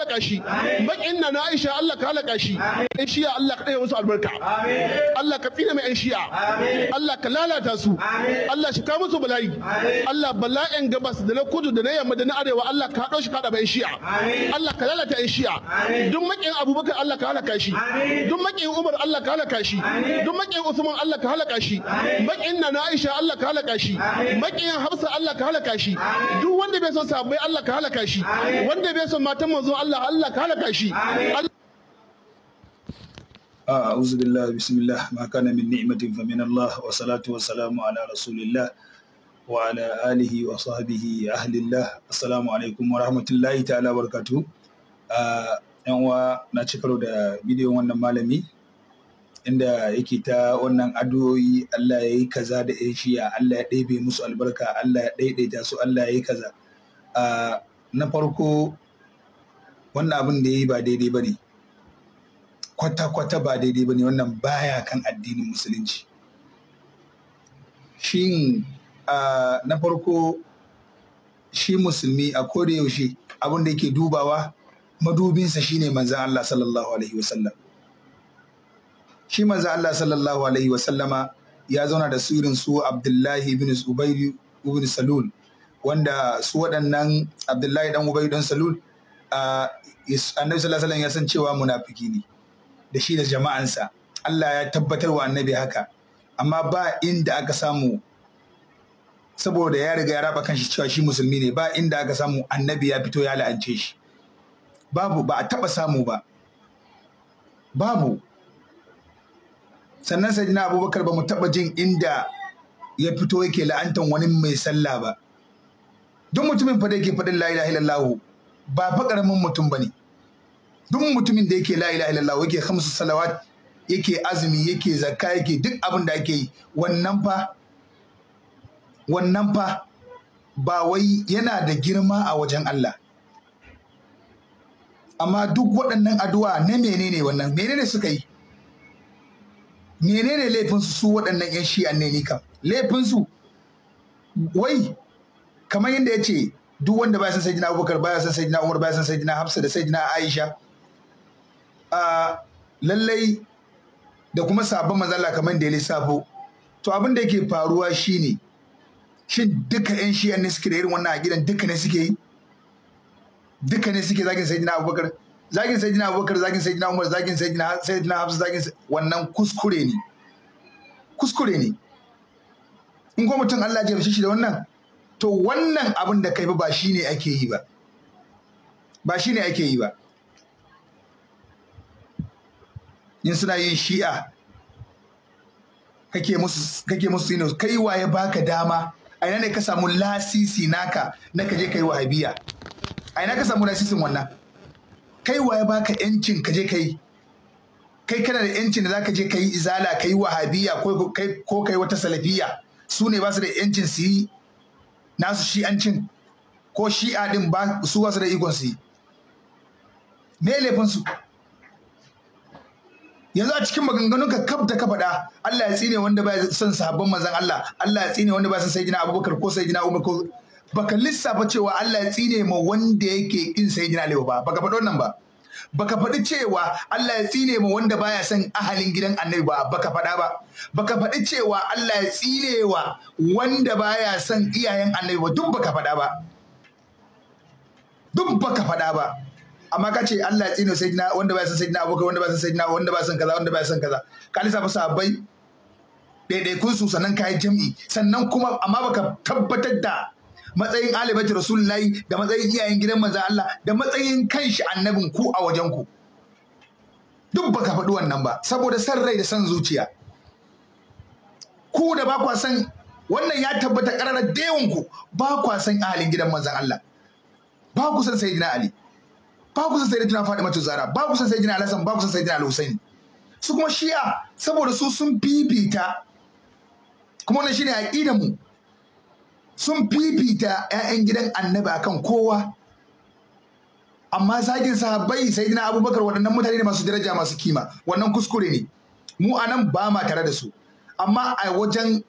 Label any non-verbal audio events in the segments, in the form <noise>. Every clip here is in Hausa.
halaka shi bakin na na Aisha Allah ka halaka shi ɗan shiya Allah ka ɗaya musu albarka Allah ka mai ɗan shiya Allah ka lalata su Allah shi ka musu bala'i Allah bala'in gabas da na kudu da na yamma da na arewa Allah ka haɗo shi ka ɗaba ɗan shiya Allah ka lalata ɗan shiya duk Abubakar Allah ka halaka shi duk Umar Allah ka halaka shi duk Usman Allah ka halaka shi na na Aisha Allah ka halaka shi Hafsa Allah ka halaka shi duk wanda bai son sabai Allah ka halaka shi wanda bai son matan manzon Allah Allah Allah ka halaka shi أعوذ بالله بسم الله ما كان من نعمة فمن الله والصلاة والسلام على رسول الله وعلى آله وصحبه أهل الله السلام عليكم ورحمة الله تعالى وبركاته yan uwa na ci karo da bidiyon wannan malami inda yake ta wannan addu'o'i Allah ya yi kaza da yan shiya Allah ya ɗebe musu albarka ya ɗaiɗaita su Allah ya yi kaza na farko wannan abin da ya yi ba daidai ba ne kwata-kwata ba daidai ba ne wannan baya kan addinin musulunci shin na farko shi musulmi a koda yaushe abin da yake dubawa madubinsa shine manzan Allah sallallahu alaihi wasallam shi manzan Allah sallallahu alaihi wasallama ya zauna da sirrin su Abdullahi ibn Ubairu ibn Salul wanda su waɗannan Abdullahi dan Ubairu dan Salul annabi sallallahu alaihi ya san cewa munafiki ne da shi da jama'ansa Allah ya tabbatar wa annabi haka amma ba inda aka samu saboda ya riga ya raba kanshi cewa shi musulmi ne ba inda aka samu annabi ya fito ya la'ance shi babu ba a taba samu ba babu sannan na abubakar ba mu taba jin inda ya fito yake la'antan wani mai sallah ba duk mutumin fa da yake faɗin la ilaha illallah ba fa karamin mutum bane duk mutumin da yake la ilaha illallah yake khamsu salawat yake azumi yake zakka yake duk abin da ake yi wannan fa wannan fa ba wai yana da girma a wajen Allah amma duk waɗannan addu'a na menene wannan menene suka yi menene laifinsu su waɗannan 'yan shi'an ne ni kam laifinsu wai kamar yadda ya ce duk wanda baya san sayyidina Abubakar baya san sayyidina Umar baya san sayyidina Hafsa da sayyidina Aisha a lallai da kuma sabon manzala kamar da ya lissafo to abin da yake faruwa shine shin duka ƴan shi ne suke da irin wannan gidan duka ne suke yi duka ne suke zagin sayyidina Abubakar zagin sayyidina Abubakar zagin sayyidina Umar zagin sayyidina sayyidina Hafsa zagin wannan kuskure ne kuskure ne in ko mutum Allah ya jabshe shi da wannan to wannan abin da kai ba shi ne ake yi ba ba shi ne ake yi ba in suna yin shi'a kake musu kake musu kai waye baka dama a ina ne ka samu lasisi naka na kaje kai wahabiya a ina ka samu lasisin wannan kai waye baka yancin kaje kai kai kana da yancin da zaka je kai izala kai wahabiya ko kai wata salafiya su ne ba su da yancin su yi nasu shi'ancin ko shi'a ɗin ba su wasu da ikon su yi me laifin yanzu a cikin maganganun ka kaf da ka faɗa Allah ya tsine wanda ba son sahabban manzon Allah Allah ya tsine wanda ba son sayyidina Abubakar ko sayyidina Umar ko baka lissafa cewa Allah ya tsine ma wanda yake kin sayyidina Ali ba baka faɗo nan ba baka faɗi cewa Allah ya tsine ma wanda baya son ahalin gidan annabi ba baka faɗa ba baka faɗi cewa Allah ya tsine wa wanda baya son iyayen annabi ba duk baka faɗa ba duk baka faɗa ba amma ka ce Allah ya tsine sayyidina wanda baya son sayyidina abokai, wanda baya son sayyidina wanda baya son kaza wanda baya son kaza ka lissafa sahabbai ɗaiɗaikun su sannan kayan jam'i sannan kuma amma baka tabbatar da matsayin alimati rasulullahi da matsayin iyayen gidan manzan Allah da matsayin kanshi annabin ku a wajen ku duk baka faɗi wannan ba saboda san rai da san zuciya ku da ba kwa san wannan ya tabbata ƙararar dayan ku ba kwa san ahalin gidan manzan Allah ba ku san sayyidina Ali ba ku san sayyidina Fatima Zara ba ku san sayyidina Alhassan ba ku san sayyidina al su kuma shi'a saboda su sun bibita kuma wannan shine aqidar mu sun fifita 'ya'yan gidan annabi akan kowa amma zagin sahabbai sai dina abubakar waɗannan mutane ne masu daraja masu kima wannan kuskure ne mu a nan ba ma tare da su amma a wajen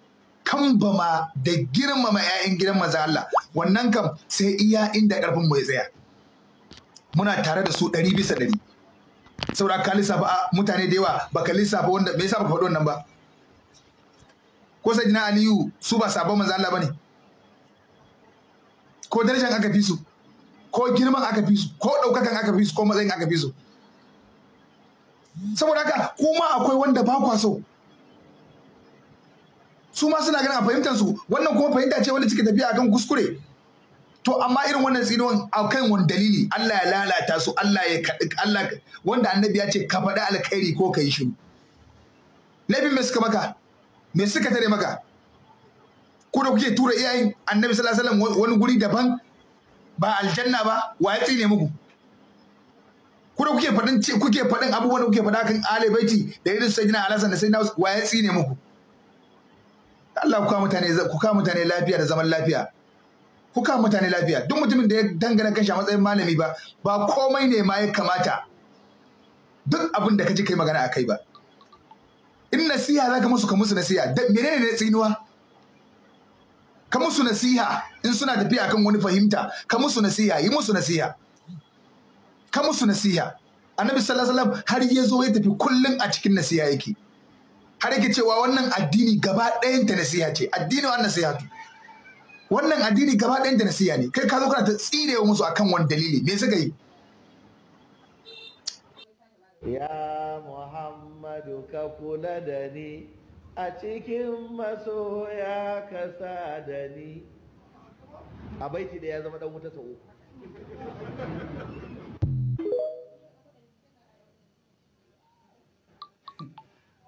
kambama da girmama 'ya'yan gidan maza Allah wannan kam sai iya inda ƙarfin mu ya tsaya muna tare da su ɗari bisa ɗari saboda ka lissafa mutane da yawa baka lissafa wanda bai saba faɗo nan wannan ba ko sai dina Aliyu su ba sabon maza Allah bane ko darajar aka fi su ko girman aka fi su ko ɗaukakan aka fi su ko matsayin aka fi su saboda haka kuma akwai wanda ba kwa so su ma suna ganin a fahimtar su wannan kuma fahimta ce wanda suke tafiya akan kuskure to amma irin wannan tsinon akan wani dalili Allah ya lalata su Allah ya Allah wanda annabi ya ce ka faɗi alkhairi ko ka yi shiru laifin me suka maka me suka tare maka ko da kuke tura iyayen annabi sallallahu alaihi wasallam wani guri daban ba aljanna ba wa ya tsine muku ko da kuke faɗin kuke faɗin abubuwan da kuke faɗa kan alibaiti baiti da irin sayyidina alhasan da sayyidina wa ya tsine muku Allah ku ka mutane ku ka mutane lafiya da zaman lafiya ku ka mutane lafiya duk mutumin da ya dangana kanshi a matsayin malami ba ba komai ne ma ya kamata duk abin da kaji kai magana a kai ba in nasiha zaka musu ka musu nasiha menene ne tsinuwa ka musu nasiha in suna tafiya kan wani fahimta ka musu nasiha yi musu nasiha ka musu nasiha annabi sallallahu alaihi wasallam har ya zo ya tafi kullum a cikin nasiha yake har yake cewa wannan addini gaba ɗayan ta nasiha ce addini wa nasiha tu wannan addini gaba ɗayan ta nasiha ne kai ka zo kana ta tsirewa musu akan wani dalili me suka yi ya muhammadu ka kula da ni a cikin masoya ka sa da ni a baiti da ya zama dan wuta sau <laughs>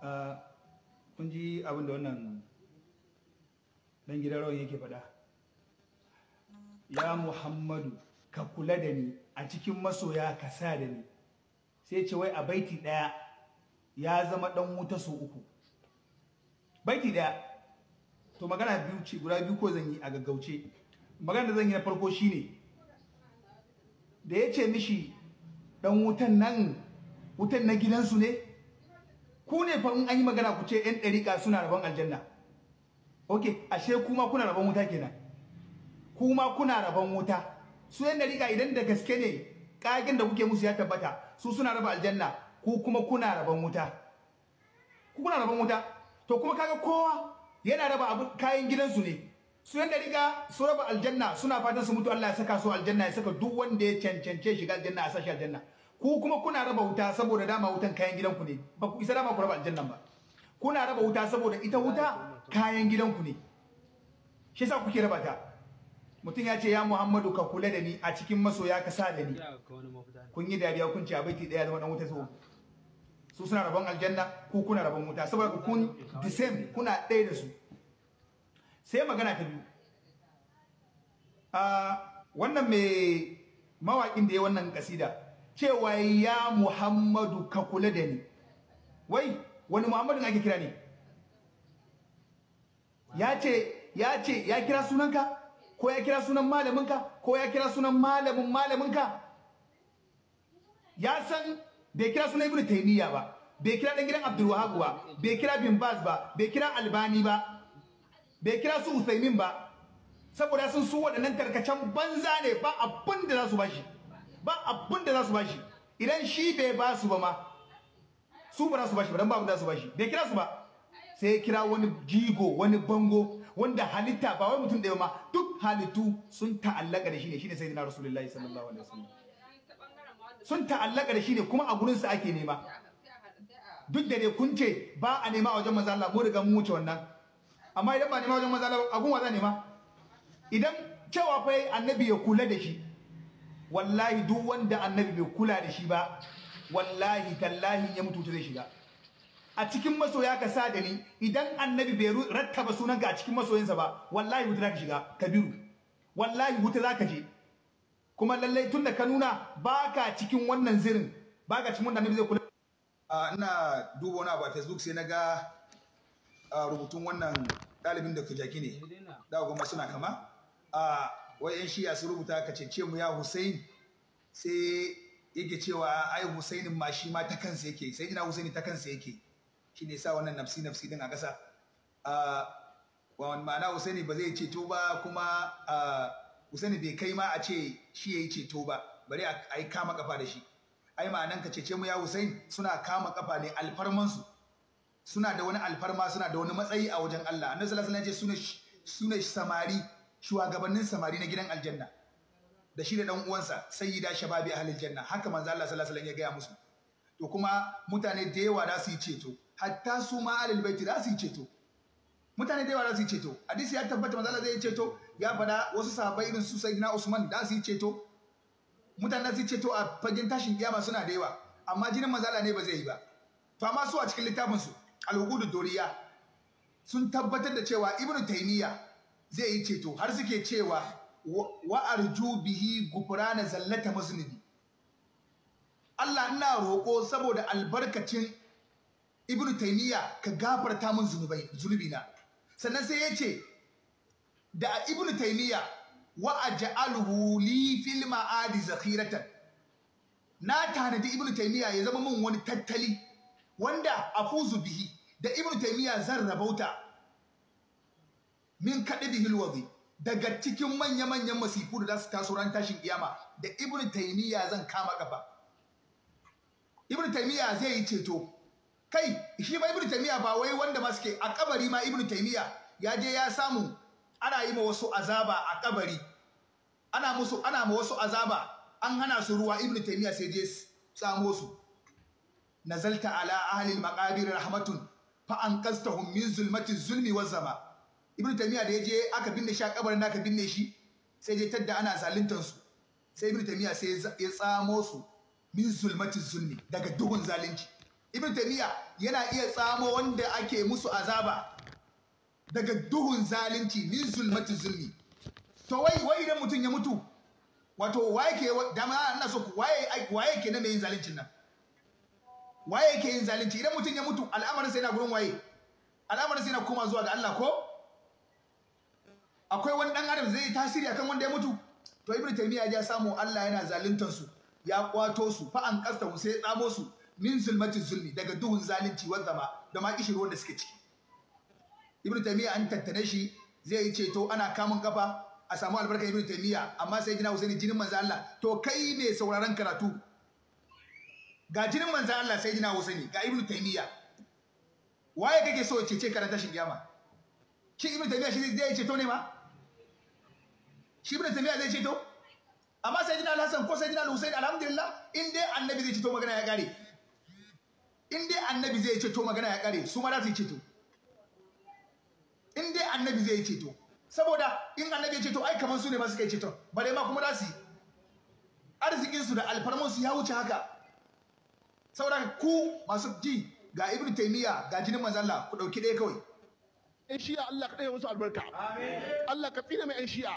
ah, kun ji abin da wannan dan gidan rawan yake faɗa ya muhammadu ka kula da ni a cikin masoya ka sa da ni sai ce wai a baiti ɗaya ya zama ɗan wuta su uku baiti daya to magana biyu ce guda biyu ko zan yi a gaggauce magana da zan yi na farko shine da ya ce mishi dan wutan nan wutan na gidansu ne ku ne fa in an yi magana ku ce yan ɗariƙa suna rabon aljanna ok ashe kuma kuna rabon wuta kenan kuma kuna rabon wuta su yan ɗariƙa idan da gaske ne ƙagen da kuke musu ya tabbata su suna raba aljanna ku kuma kuna rabon wuta ku kuna rabon wuta to kuma kaga kowa yana raba abu kayan gidansu ne su yanda riga su raba aljanna suna fatan su mutu Allah ya saka su aljanna ya saka duk wanda ya cancance shiga aljanna a sashi aljanna ku kuma kuna raba wuta saboda dama wutan kayan gidanku ne ba ku isa dama ku raba aljannan ba kuna raba wuta saboda ita wuta kayan gidanku ne shi yasa kuke raba ta mutum ya ce ya Muhammadu ka kula da ni a cikin masoya ka sa da ni kun yi dariya kun ci abaiti daya zama dan wuta saboda su suna rabon aljanna ko kuna rabon wuta saboda kun the same kuna ɗaya da su sai magana ta biyu a ah, wannan mai mawaƙin da ya wannan kasida cewa ya muhammadu ka kula da ni wai wani muhammadu ake kira ne ya ce ya ce ya kira sunanka ko ya kira sunan malaminka ko ya kira sunan malamin malaminka ya san bai kira sunan ibn taymiya ba bai kira dan gidan abdul wahab ba bai kira bin baz ba bai kira albani ba bai kira su usaimin ba saboda sun su waɗannan karkacen banza ne ba abin da za su bashi ba abin da za su bashi idan shi bai ba su ba ma su ba za su bashi ba dan ba za su bashi bai kira su ba sai ya kira wani jigo wani bango wanda halitta ba wai mutum ɗaya ma duk halittu sun ta'allaka da shi ne sai sayyidina rasulullahi sallallahu alaihi wasallam sun ta'allaka da shi ne kuma a gurin su ake nema duk da dai kun ce ba a nema a wajen manzo Allah mu riga mu wuce wannan amma idan ba nema wajen manzo Allah a gun waza nema idan cewa fa annabi ya kula da shi wallahi duk wanda annabi bai kula da shi ba wallahi tallahi ya mutu zai shiga a cikin masoya ka sa da ni idan annabi bai rattaba sunanka a cikin masoyinsa ba wallahi wuta za ka shiga kabiru wallahi wuta za ka je kuma lallai tunda ka nuna baka cikin wannan zirin baka cikin wannan zai kula ina duba wani abu a Facebook sai na ga rubutun wannan dalibin da jaki ne da goma suna kama wai yan shiya su rubuta ka ce mu ya Hussein sai yake cewa ai Husainin ma shi ma ta kansa yake sai ina Husaini ta kansa yake shi ne sa wannan nafsi nafsi din a ƙasa ma'ana Husaini ba zai ceto ba kuma Usaini bai kai ma a ce shi ya yi ceto ba bari a yi kama kafa da shi ai ma'anan ka cece mu ya Usain suna kama kafa ne alfarman su suna da wani alfarma suna da wani matsayi a wajen Allah annabi sallallahu alaihi wasallam ya ce suna samari shugabannin samari na gidan aljanna da shi da dan uwansa sayyida shababi ahlil janna haka manzo Allah sallallahu alaihi wasallam ya gaya musu to kuma mutane da yawa za su yi ceto hatta su ma alil baiti za su yi ceto mutane da yawa za su yi ceto hadisi ya tabbata manzo Allah zai yi ceto ya faɗa wasu sahabbai irin su sayyidina Usman da su ceto mutanen su ceto a fagen tashin kiyama suna da yawa amma jinin mazala ne ba zai yi ba to amma su a cikin littafin su al doriya sun tabbatar da cewa ibnu taymiya zai yi ceto har suke cewa wa arju bihi gufrana zallata musnidi Allah ina roko saboda albarkacin ibnu taymiya ka gafarta min zunubai zunubi na sannan sai ya ce da ibn taymiya wa aj'aluhu li fil ma'adi zakhiratan na tanadi ibn taymiya ya zama min wani tattali wanda a afuzu bihi da ibn taymiya zan rabauta min kadidihi alwadi daga cikin manya-manyan masifu da za su taso ran tashin kiyama da ibn taymiya zan kama kafa ibn taymiya zai yi ceto kai shi ma ibn taymiya ba wai wanda ma suke a kabari ma ibn taymiya ya je ya samu ana yi ma wasu azaba a kabari ana musu ana ma wasu azaba an hana su ruwa ibnu taymiya sai je samo su nazalta ala ahli al-maqabir rahmatun fa anqaztahum min zulmati zulmi wa zama ibnu taymiya da yaje aka binne shi a kabarin da aka binne shi sai je tadda ana zaluntar su sai ibnu taymiya sai ya tsamo su min zulmati zulmi daga duhun zalunci ibnu taymiya yana iya tsamo wanda ake musu azaba daga duhun zalunci min zulmati zulmi to wai wai idan mutum ya mutu wato waye ke dama ana so waye waye ke nan mai yin zaluncin nan waye ke yin zalunci idan mutum ya mutu al'amarin sai na gurin waye al'amarin sai na koma zuwa ga Allah ko akwai wani dan adam zai tasiri akan wanda ya mutu to ibnu taymiya ya samu Allah yana zaluntar su ya kwato su fa an kasta sai tsamo su min zulmati zulmi daga duhun zalunci wanda ma da ma kishirwar da suke ciki ibnu taimiyya an tattare shi zai yi ceto ana kamun kafa a samu albarkar ibnu taimiyya amma sai gina husaini jinin manzo Allah to kai ne sauraron karatu ga jinin manzo Allah sai gina husaini ga ibnu taimiyya waye kake so cece karanta shi kiyama shi ibnu taimiyya shi zai yi ceto ne ma shi ibnu taimiyya zai ceto amma sai jina Hassan ko sai gina Husaini alhamdulillah in dai annabi zai ceto magana ya kare in dai annabi zai ceto magana ya kare su ma za su yi ceto in dai annabi zai ceto saboda in annabi ya ceto ai kamar su ne ba kai ceto bare ma kuma za su arzikin su da alfarman su ya wuce haka saboda ku masu ji ga ibnu taymiya ga jinin mazalla ku dauki ɗaya kawai 'yan shi'a Allah ka ɗaya musu albarka Allah ka tsina mai 'yan shi'a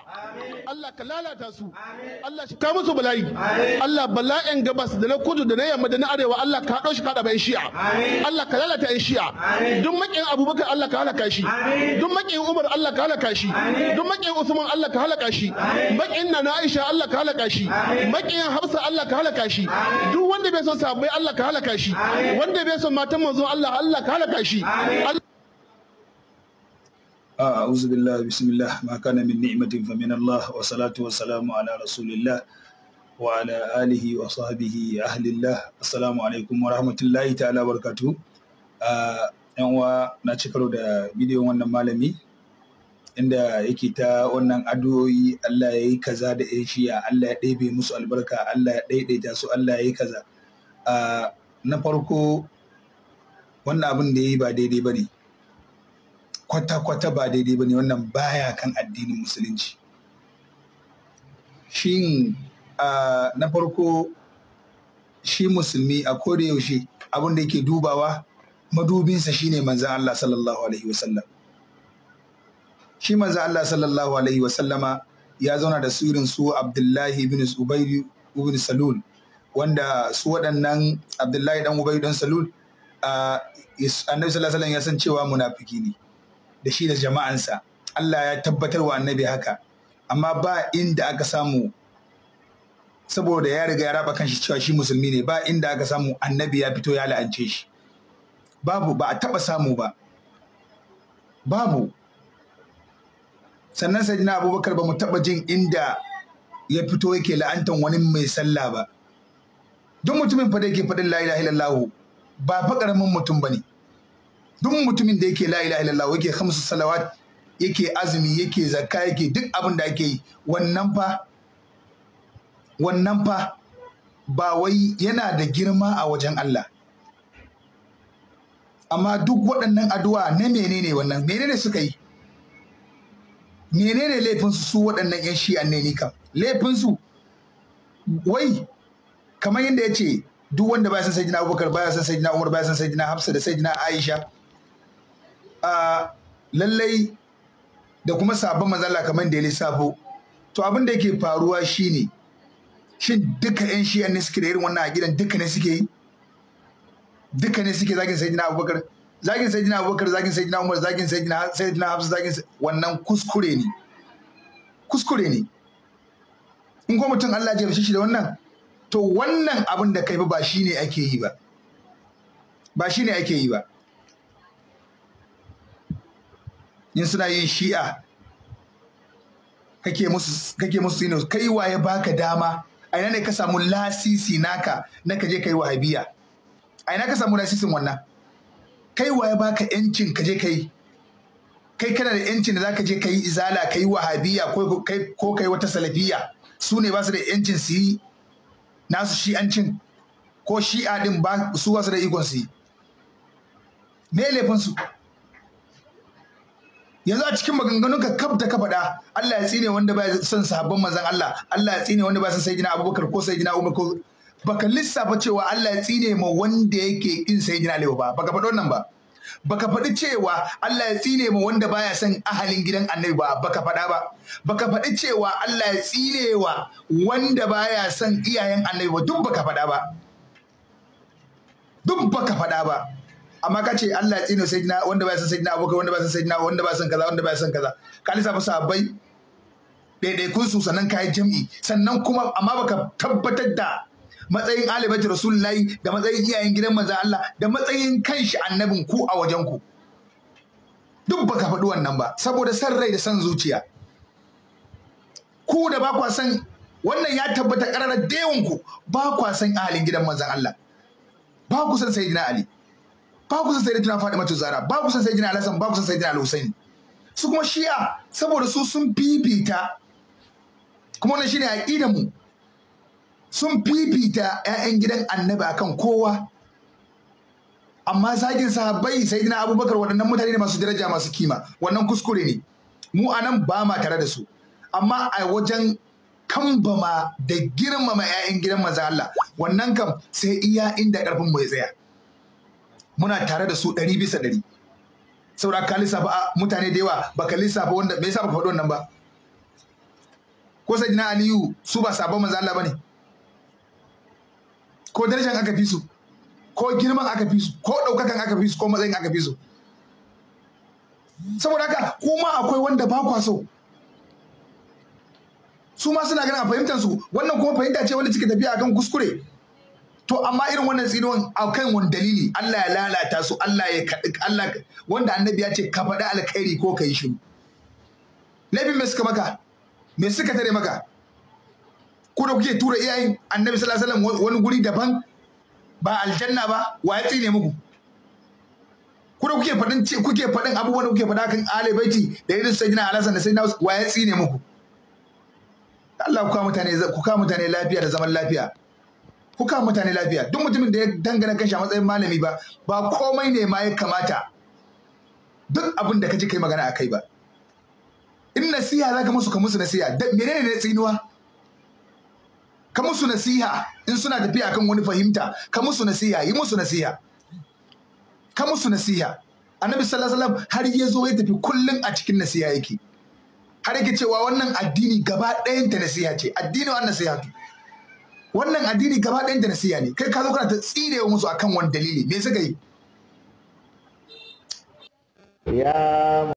Allah ka lalata su Allah shi ka musu bala'i Allah bala'in gabas da na kudu da na yamma da na arewa Allah ka haɗo shi ka ɗaba 'yan shi'a Allah ka lalata 'yan shi'a duk maƙin abubakar Allah ka halaka shi duk maƙin umar Allah ka halaka shi duk maƙin usman Allah ka halaka shi maƙin nana aisha Allah ka halaka shi maƙin hafsa Allah ka halaka shi duk wanda bai son sabai Allah ka halaka shi wanda bai son matan manzo Allah Allah ka halaka shi أعوذ بالله بسم الله ما كان من نعمة فمن الله والصلاة والسلام على رسول الله وعلى آله وصحبه أهل الله السلام عليكم ورحمة الله تعالى وبركاته yan uwa na cikaro da bidiyon wannan malami inda yake ta wannan addu'o'i Allah ya yi kaza da ya shiya Allah ya ɗebe musu albarka Allah ya ɗaiɗaita su Allah ya yi kaza na farko wannan abin da ya yi ba daidai ba ne kwata-kwata ba daidai ba ne wannan baya kan addinin musulunci shin na farko shi musulmi a koda yaushe abin da yake dubawa madubinsa shi ne manzan Allah sallallahu alaihi wasallam shi manzan Allah sallallahu alaihi wasallama ya zauna da surin su Abdullahi bin Ubaidu ibn Salul wanda su waɗannan Abdullahi dan Ubaidu dan Salul annabi sallallahu alaihi wasallam ya san cewa munafiki ne da shi da jama'ansa Allah ya tabbatar wa annabi haka amma ba inda aka samu saboda ya riga ya raba kanshi cewa shi musulmi ne ba inda aka samu annabi ya fito ya la'ance shi babu ba a taba samu ba babu sannan sai na abubakar ba mu taba jin inda ya fito yake la'antan wani mai sallah ba duk mutumin fa da yake faɗin la ilaha illallah ba fa karamin mutum ba ne. duk mutumin da yake la ilaha illallah yake khamsu salawat yake azumi yake zakka yake duk abin da ake yi wannan fa wannan fa ba wai yana da girma a wajen Allah amma duk waɗannan addu'a na menene wannan menene suka yi menene laifin su su waɗannan 'yan shi'an ne ni kam su wai kamar yadda ya ce duk wanda baya san sayyidina abubakar baya san sayyidina umar baya san sayyidina hafsa da sayyidina aisha a lallai da kuma sabon mazala kamar da ya lissafo to abin da yake faruwa shine shin duka yan shiyan ne suke da irin wannan a gidan duka ne suke yi duka ne suke zagin sayyidina abubakar zagin sayyidina abubakar zagin sayyidina umar zagin sayyidina sayyidina hafsa zagin wannan kuskure ne kuskure ne in ko mutum Allah ya shi da wannan to wannan abin da kai ba shine ake yi ba ba shine ake yi ba in suna yin shi'a kake musu kake musu sino kai waye baka dama a ina ne ka samu lasisi naka na ka je kai wahabiya a ina ka samu lasisin wannan kai waye baka yancin ka je kai kai kana da yancin da zaka je kai izala kai wahabiya wa kai ko kai wata salafiya su ne ba su da yancin su yi nasu shi'ancin ko shi'a din ba su ba su da ikon su yi me laifin su yanzu a cikin maganganun ka kaf da ka faɗa Allah ya tsine wanda ba ya son sahabban manzon Allah Allah ya tsine wanda ba ya son sayyidina Abubakar ko sayyidina Umar ko baka lissafa cewa Allah ya tsine ma wanda yake kin sayyidina Ali ba baka faɗo nan ba baka faɗi cewa Allah ya tsine ma wanda baya son ahalin gidan annabi ba baka faɗa ba baka faɗi cewa Allah ya tsine wa wanda baya son iyayen annabi ba duk baka faɗa ba duk baka faɗa ba amma ka ce Allah ya tsine sayyidina wanda ba san sayyidina Abubakar wanda ba san sayyidina wanda ba san kaza wanda ba san kaza ka lissafa sahabbai kun su sannan kayan jami'i sannan kuma amma baka tabbatar da matsayin alibaiti rasulullahi da matsayin iyayen gidan manzan Allah da matsayin kanshi annabin ku a wajen ku duk baka faɗi wannan ba saboda san rai da san zuciya ku da ba kwa san wannan ya tabbata ƙararar dewan ku ba kwa san ahalin gidan manzan Allah ba ku san sayyidina Ali ba ku san sayyidina Fatima zara ba ku san sai al alasan ba ku san sai al alhusaini su kuma shi'a saboda su sun fifita kuma wannan shine aqidar mu sun fifita 'ya'yan gidan annabi akan kowa amma zagin sahabbai sai dina abubakar waɗannan mutane ne masu daraja masu kima wannan kuskure ne mu anan ba ma tare da su amma a wajen kambama da girmama ƴaƴan gidan maza Allah wannan kam sai iya inda ƙarfin mu ya tsaya muna tare da su ɗari bisa ɗari saura ka lissafa mutane da yawa ba ka lissafa wanda me yasa ba ka nan wannan ba ko sai jina aliyu su ba sabon manzo Allah bane ko darajar aka fi su ko girman aka fi su ko ɗaukakan aka fi su ko matsayin aka fi su saboda haka kuma akwai wanda ba kwa so su ma suna ganin a fahimtar su wannan kuma fahimta ce wanda cike tafiya akan kuskure to amma irin wannan a kan wani dalili Allah ya lalata su Allah ya Allah wanda annabi ya ce ka faɗi alkhairi ko ka yi shiru laifin me suka maka me suka tare maka ko da kuke tura iyayen annabi sallallahu alaihi wasallam wani guri daban ba aljanna ba wa ya tsine muku ko da kuke faɗin kuke faɗin abubuwan da kuke faɗa kan Ali baiti da irin sayyidina Alhassan da sayyidina wa ya tsine muku Allah ku kawo mutane ku mutane lafiya da zaman lafiya ku mutane lafiya duk mutumin da ya dangana kanshi a matsayin malami ba ba komai ne ma ya kamata duk abin da ka ji kai magana a kai ba in nasiha za ka musu ka musu nasiha da menene ne tsinuwa ka musu nasiha in suna tafiya akan wani fahimta ka musu nasiha yi musu nasiha ka musu nasiha annabi sallallahu alaihi wasallam har ya zo ya tafi kullun a cikin nasiha yake har yake cewa wannan addini gaba ɗayan ta nasiha ce addini wannan nasiha wannan addini gaba ɗayan da nasiya ne kai ka zo kana ta wa musu akan wani dalili me suka yi ya